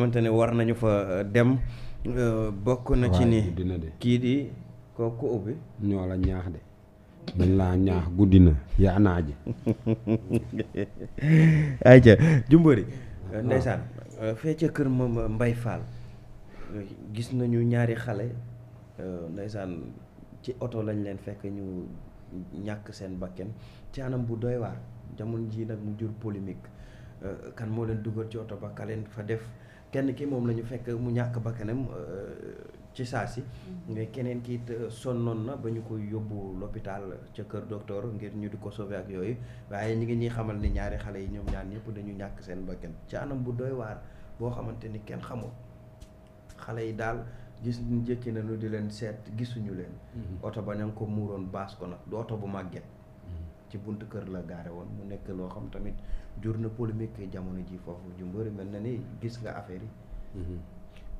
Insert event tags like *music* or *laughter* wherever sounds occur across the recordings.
xamante ne war nañu fa euh, dem euh, bokk na ci ni kii di kooku ubbi ñoo la ñaax de dañ laa ñaax guddi na yaa naa *laughs* ay ca jumbari euh, ndeysaan fee ca kër ma Mbay Fall gis nañu ñaari xale ndeysaan ci oto lañ leen fekk ñu ñàkk seen bakken caanam bu doy waar jamono ji nag mu jur polémique kan moo leen dugal ci oto ba ka fa def kenn ki moom lañu ñu fekk mu ñàkk bakkanam euh, ci saa si mm-hmm. mais keneen ki it euh, sonnoon na ba ñu koy yóbbu l'hôpital ca kër docteur ngir ñu di ko sauver ak yooyu waaye ñi ngi ñuy xamal ni ñaari xale yi ñoom ñaan ñëpp dañu ñàkk seen bakkan ci anam bu doy waar boo xamante ni kenn xamul xale yi daal gis ñu na nañu di leen seet gisuñu leen mm-hmm. oto ba ña ngi ko muuroon baas ko nag du oto bu màgget ci buntu kër la gaare woon mu nekk loo xam tamit jur na polémique jamono ji foofu ju mbëri mel na ni gis nga affaire mhm.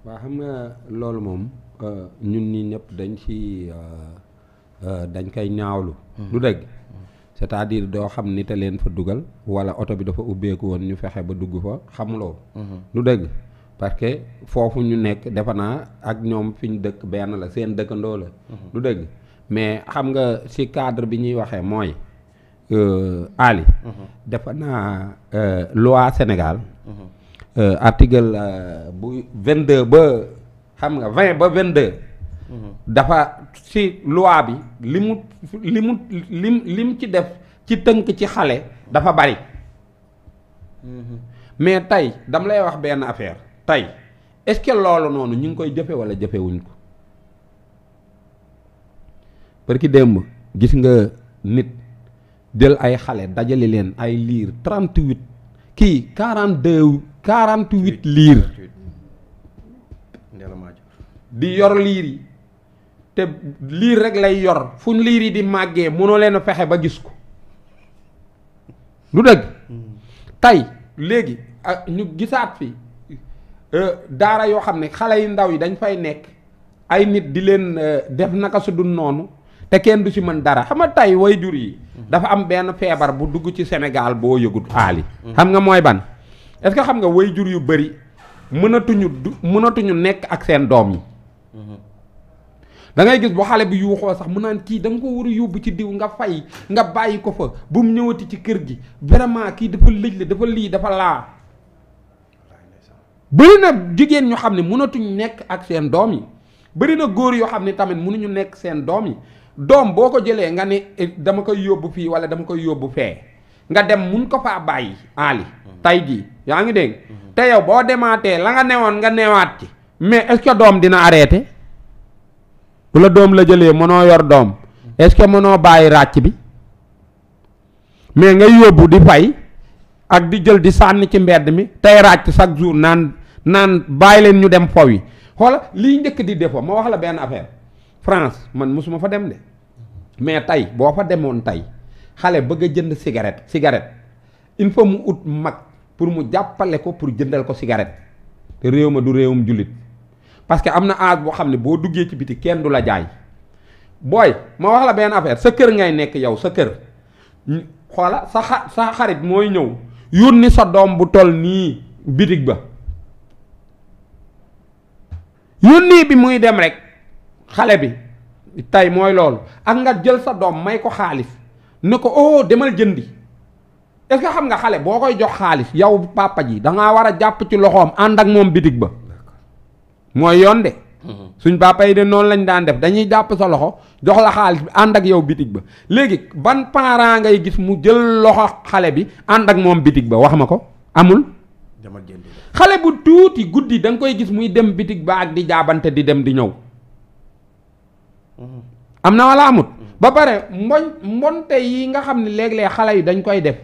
waa xam nga loolu moom euh, ñun nii ñëpp dañ ci euh, euh, dañ koy ñaawlu. lu mhm. dëgg mhm. cest à doo xam ni te leen fa dugal wala oto bi dafa ubbeeku woon ñu fexe ba dugg fa xamuloo. lu dëgg parce que foofu ñu nekk defa naa ak ñoom fi ñu dëkk benn la seen dëkkandoo la. du dëgg mais xam nga ci cadre bi ñuy waxee mooy. Euh, Ali. Mhm. dafa naa euh, loi Sénégal. Mhm. Euh, article bu 22 ba xam nga 20 ba 22. Mhm. dafa si loi bi li mu li mu lim lim ci def ci tënk ci xale dafa bari. mais tey dam lay wax benn affaire tey est-ce que loolu noonu ñu ngi koy jëfe walla jëfewuñ ko parce que démb gis nga nit. jël ay xale dajale leen ay liir trente huit kii quarante deux quarante liir di yor liir yi te liir rek lay yor fu liir yi di màggee munoo leen fexe ba gis ko du dëgg hmm. tey léegi ak ñu gisaat fi e, daara yoo xam ne xale yu ndaw yi dañ fay nekk ay nit di leen e, def naka su du noonu te kenn du ci mën dara xam tay tey way jur yi dafa am benn feebar bu dugg ci Sénégal boo yëgut aali xam nga mooy ban est-ce que xam nga way jur yu bari mënatuñu du mënatuñu nekk ak seen doom yi da ngay gis bu xale bi yuuxoo sax mu naan kii danga ko war a yóbbu ci diw nga fay nga bàyyi ko fa bu mu ñëwati ci kër gi vraiment kii dafa lëj la dafa lii dafa laa bëri na jigéen ñu xam ne mënatuñu nekk ak seen doom yi bëri na góor yoo xam ne tamit mënuñu nekk seen doom yi doom boo ko jëlee nga ni eh, dama koy yóbbu fii wala dama koy yóbbu fee nga dem mun ko faa bàyyi aali mhm. tay jii yaa ngi dégg mhm. te yow boo demaatee la nga woon nga newaat ci mais est-ce doom dina arrêté la doom la jëlee mënoo yor doom mhm. est-ce que mënoo bàyyi ràcc bi mais ngay yóbbu di fay ak di jël di sànni ci mbedd mi tey ràcc chaque jour naan naan bàyyi leen ñu dem fow yi xoola liy njëkk di defoo ma wax la benn affaire France man mosuma fa dem de mais tey boo fa demoon tey xale bëgg a jënd cigarette cigarette il faut mu ut mag pour mu jàppale ko pour jëndal ko cigarette te réew ma du réewum jullit parce que am na âge boo xam ne boo duggee ci biti kenn du la jaay booy ma wax la benn affaire sa kër ngay nekk yow sa kër xoola sa xarit mooy ñëw yónni sa doom bu toll nii bitig ba yónni bi muy dem rek xale bi tey mooy loolu ak nga jël sa doom may ko xaalis ne ko oh demal jëndi est-ce que xam nga xale boo koy jox xaalis yow pàppa ji dangaa war a jàpp ci loxoom ànd ak moom bitig ba mooy yoon de mm-hmm. suñ papa yi de noonu lañ daan def dañuy jàpp sa loxo jox la xaalis bi ànd ak yow bitig ba léegi ban parent ngay gis mu jël loxo xale bi ànd ak moom bitig ba wax ma ko amul xale bu tuuti guddi da nga koy gis muy dem bitig ba ak di jaabante di dem di ñëw am na wala amut. ba pare mboñ mbonte yi nga xam ne léeg-léeg xale yi dañ koy def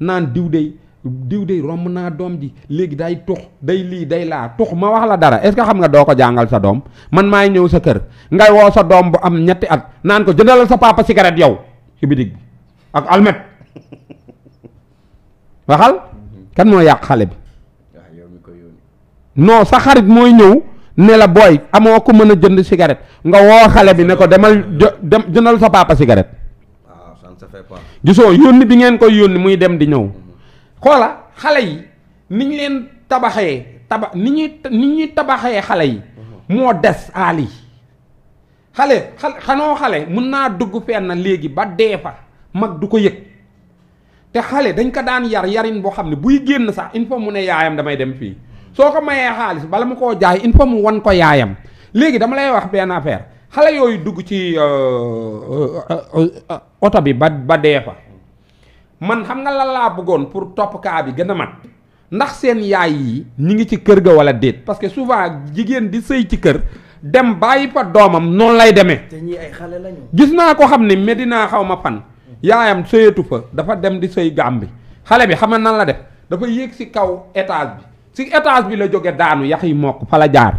naan diw dey diw dey romb naa doom ji léegi day tux day lii day laa tux ma wax la dara est ce que xam nga doo ko jàngal sa doom man maay ñëw sa kër ngay woo sa doom bu am ñetti at naan ko jëndalal sa papa cigarette yow ci bitig bi ak almet waxal kenn mooy yàq xale bi ah, non sa xarit mooy ñëw. ne la booy amoo ko mën a jënd cigarette nga woo xale bi ne ko demal dem jëndal sa papa cigarette. waaw ça ne se fait pas. yónni bi ngeen koy yónni muy dem di ñëw. Mm-hmm. xoola xale yi ni ñu leen tabaxee tabax ni ñuy ni ñuy tabaxee xale yi. Mm-hmm. moo des aal yi. xale xale xanoo xale mun naa dugg fenn léegi ba dee fa mag du ko yëg te xale dañ ko daan yar yarin boo xam ne buy génn sax il mu ne yaayam damay dem fii. soo ko mayee xaalis bala mu ko jaay il faut mu wan ko yaayam léegi dama lay wax benn affaire xale yooyu dugg ci euh, euh, euh, oto bi ba ba dee fa man xam nga lan laa bëggoon pour topp kaa bi gën a mag ndax seen yaay yi ñu ngi ci kër ga wala déet parce que souvent jigéen di sëy ci kër dem bàyyi fa doomam noonu lay demee. te ñii ay xale lañu. gis naa ko xam ne Medina xaw ma fan. yaayam sëyatu fa dafa dem di sëy bi xale bi xam nan la def dafa yéeg si kaw étage bi. ci étage bi la jóge daanu yax yi mokk fa la jaar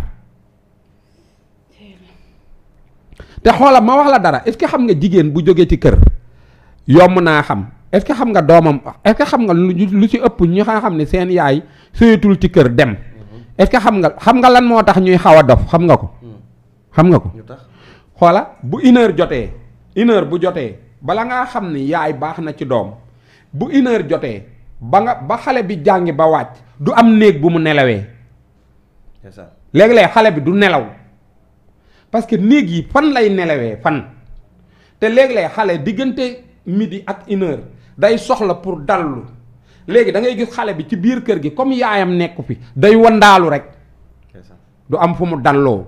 te xoolam ma wax la dara est-ce que xam nga jigéen bu jóge ci kër yomb naa xam est-ce que xam nga doomam est-ce que xam nga lu ci ëpp ñu nga xam ne seen yaay sëyatul ci kër dem mm-hmm. est-ce que xam nga xam nga lan moo tax ñuy xaw a dof xam nga ko mm. xam nga ko xoola bu une jotee une bu jotee bala ngaa xam ni yaay baax na ci doom bu une jotee ba nga ba xale bi jàngi ba wàcc du am néeg bu mu nelawee léegi-léeg xale bi du nelaw parce que néeg yi fan lay nelawee fan te léegi-léeg xale diggante midi ak une day soxla pour dallu léegi da ngay gis xale bi ci biir kër gi comme yaayam nekku fi day wandaalu rek du am fu mu dalloo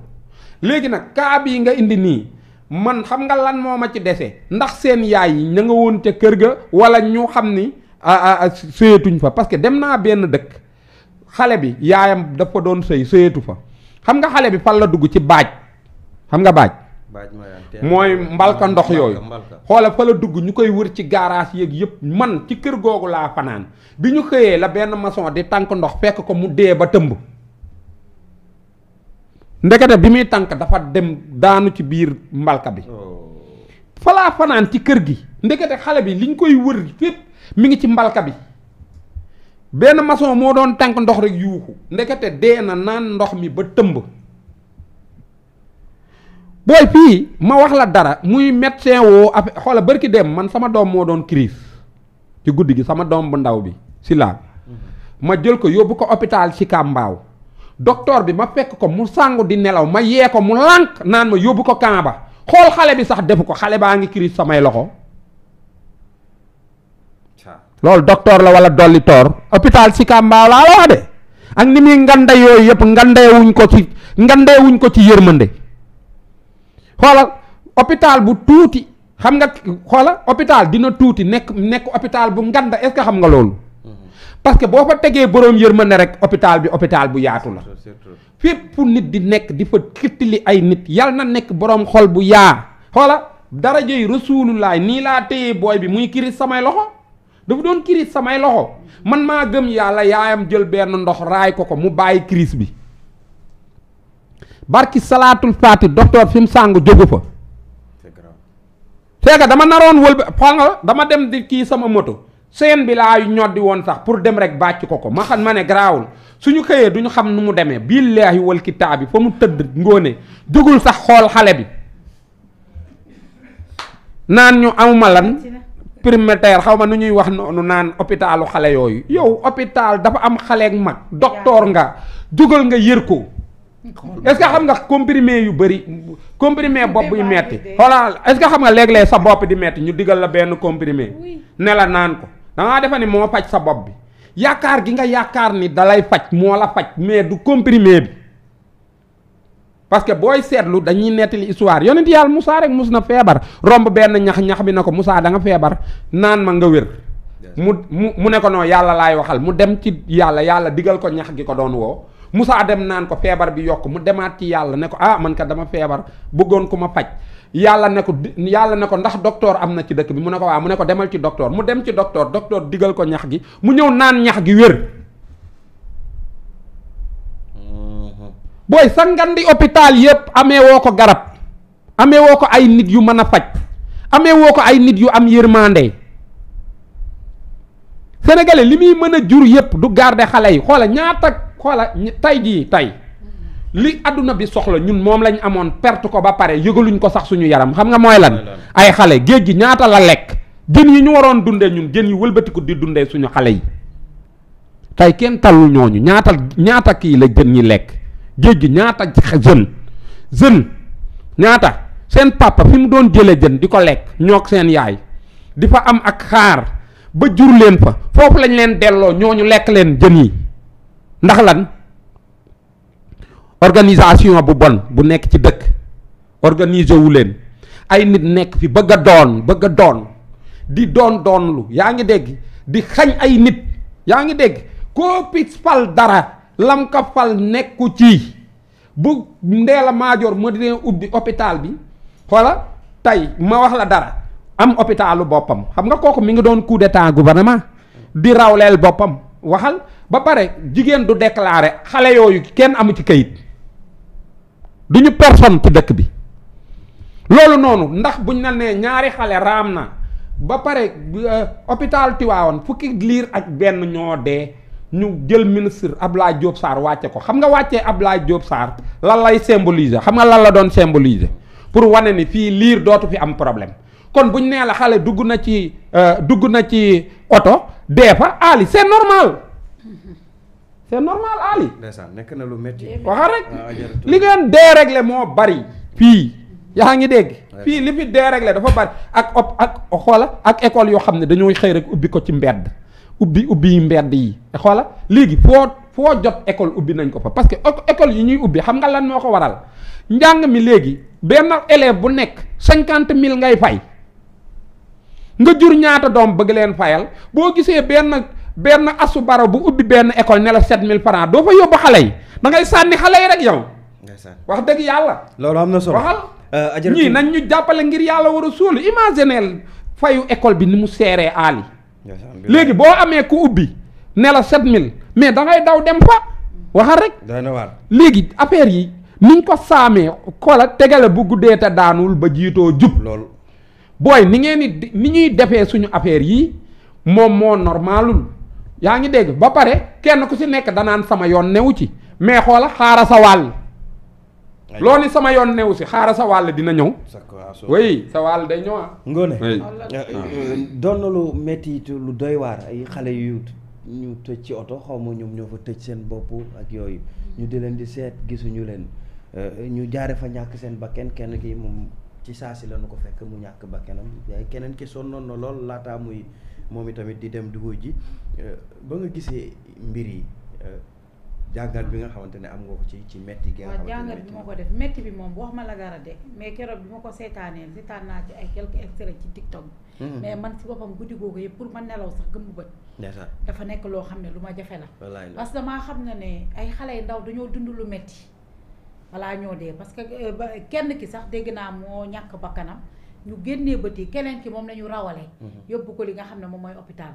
léegi nag kaa yi nga indi nii man xam nga lan moo ma ci dese ndax seen yaay yi ña nga woon ca kër ga wala ñu xam ni a a fa parce que dem naa benn dëkk xale bi yaayam dafa doon sëy sëyetu fa xam nga xale bi fan la dugg ci baaj xam nga baaj mooy mbalka ndox yooyu xoola fa la dugg ñu koy wër ci garage yeeg yëpp man ci kër googu laa fanaan bi ñu xëyee la benn mason di tànk ndox fekk ko mu dee ba tëmb ndekete bi muy tànk dafa dem daanu ci biir mbalka bi oh. falaa fanaan ci kër gi ndekete xale bi liñ koy wër fépp mi ngi ci mbalka bi benn mason moo doon tànk ndox rek yuuxu ndekete dee na naan ndox mi ba tëmb booy fii ma wax la dara muy médecin woo af xoola bërki dem man sama doom moo doon crise ci guddi gi sama doom bu ndaw bi si ma jël ko yóbbu ko hôpital ci Kàmbaaw docteur bi ma fekk ko mu sàngu di nelaw ma yee ko mu lànk naan ma yóbbu ko Kamba xool xale bi sax defu ko xale baa ngi crise samay loxo loolu docteur la wala dolli toor hôpital Sicap Mbao laa wax de ak ni muy ngande yooyu yëpp ngandeewuñ ko ci ngandeewuñ ko ci yërmande xoola hôpital bu tuuti xam nga xoolal hôpital dina tuuti nekk nekk hôpital bu nganda est xam nga loolu mm-hmm. parce que boo fa tegee boroom yërmande rek hôpital bi hôpital bu yaatu la fépp nit di nekk di fa xittili ay nit yal na nekk boroom xol bu yaa xoola darajey rasulullaay nii laa téye booy bi muy kiri samay loxo dafa doon crise samay loxo man maa gëm yàlla yaayam jël benn ndox raay ko ko mu bàyyi crise bi barki salaatul faati docteur fi sàngu sàng jógu fa c'est dama naroon wël xool nga dama dem di kii sama moto seen bi laa ñoddi woon sax pour dem rek bàcc ko ko ma xam ma ne garaawul suñu xëyee duñu xam nu mu demee billaahi wal kitaab bi fa mu tëdd ngóone jógul sax xool xale bi naan ñu amuma lan primaire xaw ma nu ñuy wax noonu naan hôpitalu xale yooyu yow hôpital dafa am xale ak mag docteur nga jógal nga yér ko est-ce xam nga comprimer yu bëri comprimé bopp yu metti xoolal est-ce xam nga léeg-léeg sa bopp di metti ñu digal la benn comprimé ne la naan ko dangaa defa ni moo faj sa bopp bi yaakaar gi nga yaakaar ni dalay faj moo la faj mais du comprimer bi parce que booy seetlu dañuy nettali histoire yonent yàlla Moussa rek mus na feebar romb benn ñax ñax bi na ko musaa danga nga feebar naan ma nga wér. mu mu mu ne ko non yàlla laay waxal mu dem ci yàlla yàlla digal ko ñax gi ko doon woo. musaa dem naan ko feebar bi yokk mu demaat ci yàlla ne ko ah man kat dama feebar bëggoon ku ma faj yàlla ne ko yàlla ne ko ndax docteur am na ci dëkk bi mu ne ko waaw mu ne ko demal ci docteur mu dem ci docteur docteur digal ko ñax gi mu ñëw naan ñax gi wér. booy sa ngandi hôpital yëpp amee woo ko garab amee woo ko ay nit yu mën a faj amee woo ko ay nit yu am yërmande sénégalais li muy mën a jur yëpp du garde xale yi xoola ñaata xoola tey jii tey li adduna bi soxla ñun moom lañ amoon perte ko ba pare yëgaluñ ko sax suñu yaram xam nga mooy lan ay xale géej gi ñaata la lekk jën yi ñu waroon dundee ñun jën yi wëlbatiku di dundee suñu xale yi tey kenn talul ñooñu ñaata kii la jën ñi lekk géej gi ñaata jën jën ñaata seen papa fi mu doon jëlee jën di ko lekk ñoog seen yaay di fa am ak xaar ba jur leen fa foofu lañ leen delloo ñoo ñu lekk leen jën yi ndax lan organisation bu bon bu nekk ci dëkk organiser wu leen ay nit nekk fi bëgg doon bëgg doon di doon doon lu yaa ngi dégg di xañ ay nit yaa ngi dégg koo fal dara lam fal nekku ci bu Ndella Madior ma dina ubbi hôpital bi xoola tey ma wax la dara am hôpitalu boppam xam nga kooku mi ngi doon coup d'état gouvernement di rawleel boppam waxal ba pare jigéen du déclarer xale yooyu kenn amu ci kayit du ñu personne ci dëkk bi loolu noonu ndax buñ na nee ñaari xale raam na ba pare euh, hôpital Tivaouane fukki liir ak benn ñoo dee ñu jël ministre Abdoulaye Diop saar wàcce ko xam nga wàccee Abdoulaye Diop saar lan lay symboliser xam nga lan la doon symboliser pour wane ni fii liir dootu fi am problème kon buñ nee la xale dugg na ci euh, dugg na ci oto dee fa Ali c'est normal c'est normal Ali. nekk na lu métti. waxal rek ah, li ngeen déréglé moo bari fii yaa ngi dégg. fii li fi déréglé dafa bari ak op ak xoola ak école yoo xam ne dañoo xëy rek ubbi ko ci mbedd. ubbi ubbi mbedd yi xoola léegi foo foo jot école ubbi nañ ko fa parce que école yi ñuy ubbi xam nga lan moo ko waral njàng mi léegi benn élève bu nekk cinquante mille ngay fay nga jur ñaata doom bëgg leen fayal boo gisee benn benn asu bara bu ubbi benn école ne la sept mille francs doo fa yóbbu xale yi da ngay sànni xale yi rek yow. wax dëgg yàlla. loolu am na solo waxal. Euh, ñii nañ ñu jàppale ngir yàlla war a suul imagineel fayu école bi ni mu seeree aali. léegi boo amee ku ubbi ne la 7000 mais da ngay daw dem fa waxal rek. doy na waar léegi affaire yi niñ ko saamee xoola tegale bu guddee te daanul ba jiitoo jub. loolu booy ni ngeen di ni ñuy defee suñu affaire yi moom moo normalul yaa ngi dégg ba pare kenn ku si nekk danaan sama yoon newu ci mais xoola xaara sa wàll. loo ni sama yoon newu si xaaral sa wàll dina ñëw. Ah, oui sa wàll day ñëw oh, euh, ah. Ngoné doon na lu métti lu doy waar ay xale yu ñu tëj ci oto xaw ma ñoom ñoo fa tëj seen bopp ak yooyu ñu di leen di seet gisuñu leen euh, ñu jaare fa ñàkk seen bakken kenn ki moom ci saa si la ñu ko fekk mu ñàkk bakkenam yaay keneen ki sonnoon na lool laataa muy moom itamit di dem dugub ji euh, ba nga gisee mbir yi. jàngat bi nga xamante ne am nga ko ci ci metti gi nga xamante ne ko def metti bi moom wax ma la dara mais keroog bi ma ko seetaanee seetaan naa ci ay quelques extraits ci TikTok bi hmm. mais man si boppam guddi googu yëpp pour ma nelaw sax gëmmu bët dafa nekk loo xam ne lu ma jafe la parce que damaa xam ne ne ay xale yu ndaw dañoo dund lu metti balaa ñoo dee parce que euh, kenn ki sax dégg naa moo ñàkk bakkanam ñu génnee bët yi keneen ki moom la ñu rawale hmm. yóbbu ko li nga xam ne moom mooy hôpital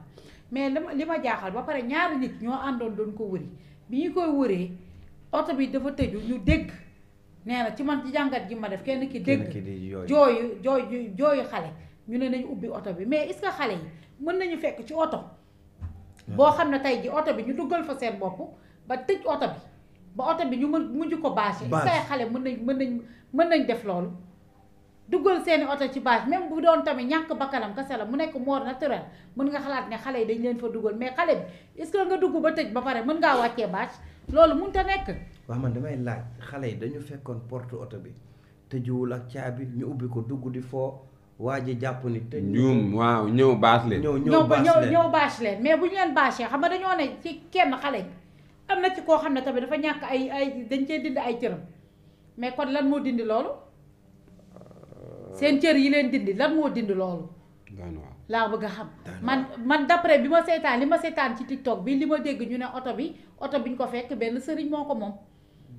mais li ma jaaxal ba pare ñaari nit ñoo àndoon doon ko wëri bi ñu koy wëree oto bi dafa tëju ñu dégg nee na ci man ci jàngat ji ma def kenn ki dégg jooyu jooyu jooyu xale ñu ne nañu ubbi oto bi mais est-ce que xale yi mën nañu fekk ci oto boo xam ne tey ji oto bi ñu duggal fa seen bopp ba tëj oto bi ba oto bi ñu mën mujj ko bâché est-ce que xale mën nañ mën nañ mën nañ def loolu duggal seeni oto ci bâche même bu doon tamit ñàkk bakkanam kese la mu nekk mort naturel mën nga xalaat ne xale yi dañ leen fa dugal mais xale bi est-ce que nga dugg ba tëj ba pare mën ngaa wàccee bâche loolu mënut a nekk. waaw man damay laaj xale yi dañu fekkoon porte oto bi tëjuwul ak caabi ñu ubbi ko dugg di foo waa ji jàpp ni. tëj ñoom waaw ñëw bâche leen. ñëw ñëw bâche leen ñëw ñëw bâche leen mais bu ñu leen bâchee xam nga dañoo ne ci kenn xale am na ci koo xam ne tamit dafa ñàkk ay ay dañ cee dindi ay cëram mais kon lan moo dindi loolu seen cër yi leen dindi lan moo dindi loolu. laa bëgg a xam. man man d'après bi ma seetaan li ma seetaan ci TikTok bii li ma dégg ñu ne oto bi oto bi ñu ko fekk benn sëriñ moo ko moom.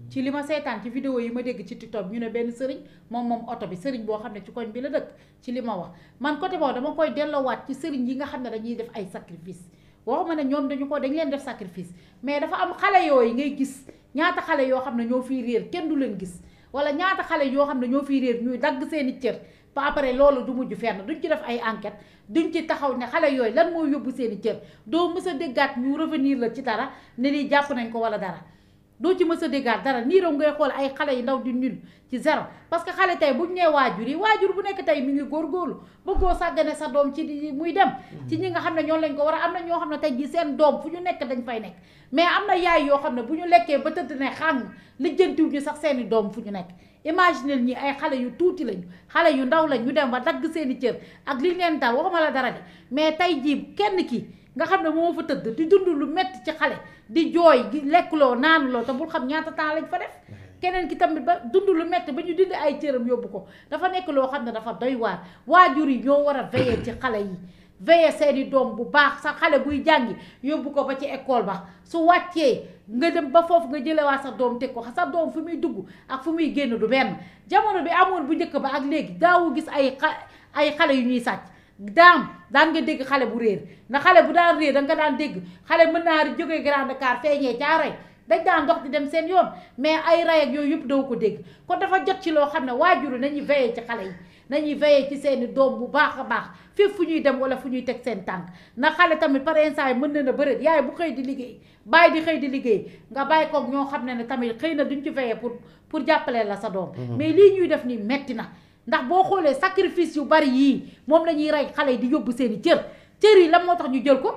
ci li ma seetaan ci vidéo yi ma dégg ci TikTok ñu ne benn sëriñ moom moom oto bi sëriñ boo xam ne ci koñ bi la dëkk ci li ma wax man côté boobu dama koy delloowaat ci sëriñ yi nga xam ne dañuy def ay sacrifice waxuma ne ñoom dañu ko dañu leen def sacrifice mais dafa am xale yooyu ngay gis ñaata xale yoo xam ne ñoo fiy réer kenn du leen gis wala ñaata xale yoo xam ne ñoo fii réer ñuy dagg seeni i cër ba après loolu du mujj fenn ñu ci def ay enquête duñ ci taxaw ne xale yooyu lan mooy yóbbu seeni i cër doo mës a déggaat ñu revenir la ci dara ne lii jàpp nañ ko wala dara doo ci mës a déggaat dara niiroo ngay xool ay xale yi ndaw di nul ci zéro parce que xale bu buñ nee waajur yi waajur bu nekk tey mu ngi góorgóorlu bëggoo sàggane sa doom ci muy dem mm-hmm. ci ñi nga xam ne ñoom lañ ko war a am na ñoo xam ne tey jii seen doom fu ñu nekk dañ fay nekk mais am na yaay yoo xam ne bu ñu lekkee ba tëdd ne xàng lijjantiw ñu sax seeni doom fu ñu nekk imaginel ñi ay xale yu tuuti lañu xale yu ndaw lañ ñu dem ba dagg seeni cër ak liñ leen dal waxuma la dara de mais tey jii kenn ki nga xam ne moo fa tëdd di dund lu metti ci xale di jooy di lekkuloo naanuloo te bul xam ñaata temps lañ fa def mm-hmm. keneen ki tamit ba dund lu metti ba ñu dind ay cëram yóbbu ko dafa nekk loo xam ne dafa doy waar waajur yi ñoo war a veiller ci xale yi veiller seeni doom bu baax sa xale buy jàngi yóbbu ko ba ci école ba su wàccee nga dem ba foofu nga jëlewaat sa doom teg ko sa doom fu muy dugg ak fu muy génn du benn jamono bi amoon bu njëkk ba ak léegi daawu gis ay ay xale yu ñuy sàcc daam daan nga dégg xale bu réer na xale bu daan réer da nga daan dégg xale mën naa jóge Grand Dakar feeñee caa rey dañ daan ndox di dem seen yoon mais ay ray ak yooyu yëpp doo ko dégg kon dafa jot ci loo xam ne waajur yi nañuy veillé ci xale yi nañuy veillé ci seeni doom bu baax a baax fépp fu ñuy dem wala fu ñuy teg seen tànk na xale tamit par instant yi mën na na bëreet yaay bu xëy di liggéey bàyyi di xëy di liggéey nga bàyyi koog ñoo xam ne ne tamit xëy na duñ ci veillé pour pour jàppale la sa doom mm-hmm. mais lii ñuy def nii metti na ndax boo xoolee sacrifice yu bari yii moom la ñuy rey xale yi di yóbbu seen i cër cër yi la moo tax ñu jël ko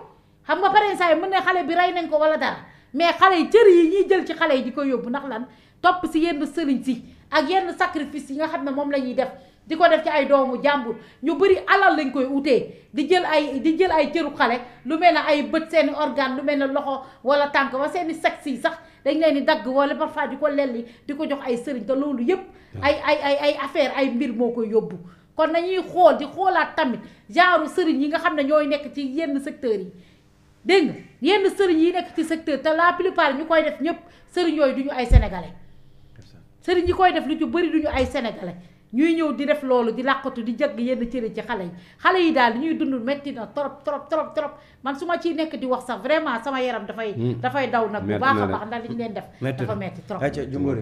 xam nga parents yi mën ne xale bi rey nañ ko wala dara mais xale yi cër yi ñuy jël ci xale yi di ko yóbbu ndax lan topp si yenn sëriñ si ak yenn sacrifice yi nga xam ne moom la ñuy def di ko def ci ay doomu jàmbur ñu bëri alal lañ koy utee di jël ay di jël ay cëru xale lu mel ne ay bët seeni i lu mel ne loxo wala tànk wa seen i sax dañ leen di dagg wala parfois di ko lelli di ko jox ay sëriñ te loolu yëpp ay ay ay ay ay mbir moo koy yóbbu kon nañuy xool di xoolaat tamit genre sëriñ yi nga xam ne ñooy nekk ci yenn secteurs yi dégg yenn sëriñ yi nekk ci secteur te la plupart ñu koy def ñëpp sëriñ yooyu du ñu ay sénégalais sëriñ yi koy def lu ci bëri du ñu ay sénégalais ñuy ñëw di def loolu di làqatu di jagg yenn cëri ci xale yi xale yi daal ñuy dund metti na trop trop trop trop man su ma ci nekk di wax sax vraiment sama yaram dafay hmm. dafay daw nag bu baax a baax ndax liñ leen def dafa metti trop